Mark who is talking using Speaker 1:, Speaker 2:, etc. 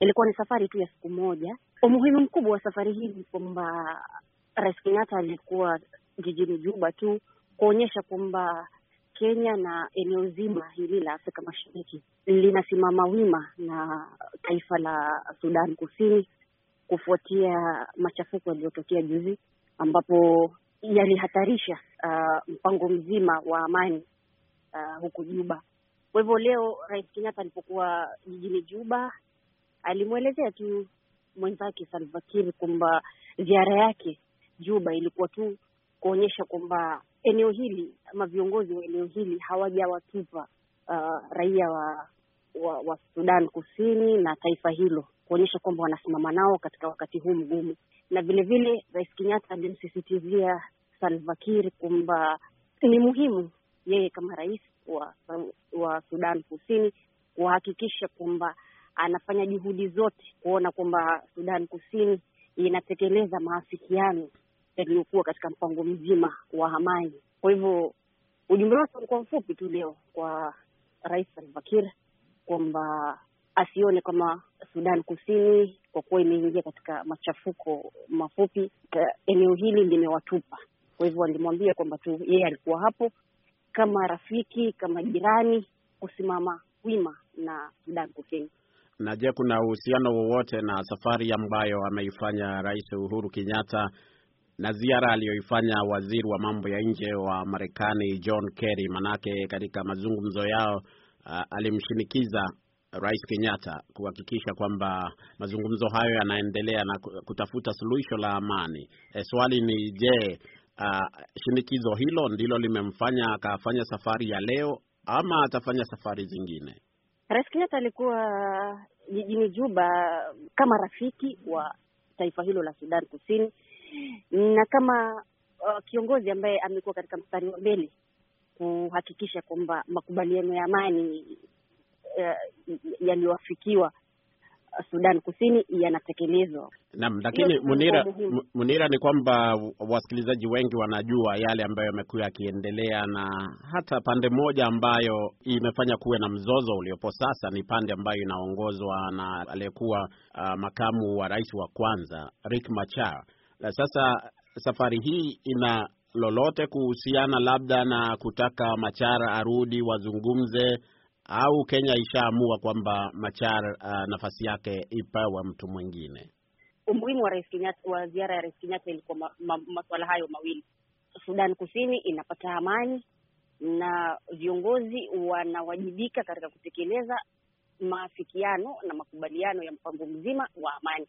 Speaker 1: Ilikuwa ni safari tu ya siku moja. Umuhimu mkubwa wa safari hii ni kwamba Rais Kenyatta alikuwa jijini Juba tu kuonyesha kwamba Kenya na eneo zima hili la Afrika Mashariki linasimama wima na taifa la Sudan Kusini kufuatia machafuko yaliyotokea juzi, ambapo yalihatarisha uh, mpango mzima wa amani uh, huko Juba. Kwa hivyo leo Rais Kenyatta alipokuwa jijini Juba alimwelezea tu mwenzake Salva kwamba ziara yake Juba ilikuwa tu kuonyesha kwamba eneo hili ama viongozi wa eneo hili hawajawatupa uh, raia wa, wa wa Sudan Kusini na taifa hilo, kuonyesha kwamba wanasimama nao katika wakati huu mgumu. Na vilevile Rais Kenyatta alimsisitizia Salva kwamba ni muhimu yeye kama rais wa, wa Sudan Kusini kuhakikisha kwamba anafanya juhudi zote kuona kwamba Sudan Kusini inatekeleza maafikiano yaliyokuwa katika mpango mzima wa amani. Kwa hivyo ujumbe wake ulikuwa mfupi tu leo kwa Rais Salva Kiir kwamba asione kama Sudan Kusini kwa kuwa imeingia katika machafuko mafupi, eneo hili limewatupa. Kwa hivyo alimwambia kwamba tu yeye alikuwa hapo kama rafiki, kama jirani, kusimama wima na Sudan Kusini.
Speaker 2: Na je, kuna uhusiano wowote na safari ambayo ameifanya Rais Uhuru Kenyatta na ziara aliyoifanya waziri wa mambo ya nje wa Marekani John Kerry? Manake katika mazungumzo yao uh, alimshinikiza Rais Kenyatta kuhakikisha kwamba mazungumzo hayo yanaendelea na kutafuta suluhisho la amani. E, swali ni je, uh, shinikizo hilo ndilo limemfanya akafanya safari ya leo ama atafanya safari zingine?
Speaker 1: Rais Kenyatta alikuwa eh, jijini Juba eh, kama rafiki wa taifa hilo la Sudan Kusini na kama uh, kiongozi ambaye amekuwa katika mstari wa mbele kuhakikisha kwamba makubaliano ya amani uh, yaliyoafikiwa Sudan Kusini yanatekelezwa.
Speaker 2: Naam, lakini Munira, Munira, ni kwamba wasikilizaji wengi wanajua yale ambayo yamekuwa yakiendelea, na hata pande moja ambayo imefanya kuwe na mzozo uliopo sasa ni pande ambayo inaongozwa na aliyekuwa uh, makamu wa rais wa kwanza rik Machar. sasa safari hii ina lolote kuhusiana labda na kutaka Machar arudi wazungumze au Kenya ishaamua kwamba Machar uh, nafasi yake ipewe mtu mwingine?
Speaker 1: Umuhimu wa rais Kenyatta, wa ziara ya rais Kenyatta ilikuwa masuala hayo mawili. Sudan Kusini inapata amani na viongozi wanawajibika katika kutekeleza maafikiano na makubaliano ya mpango mzima wa amani.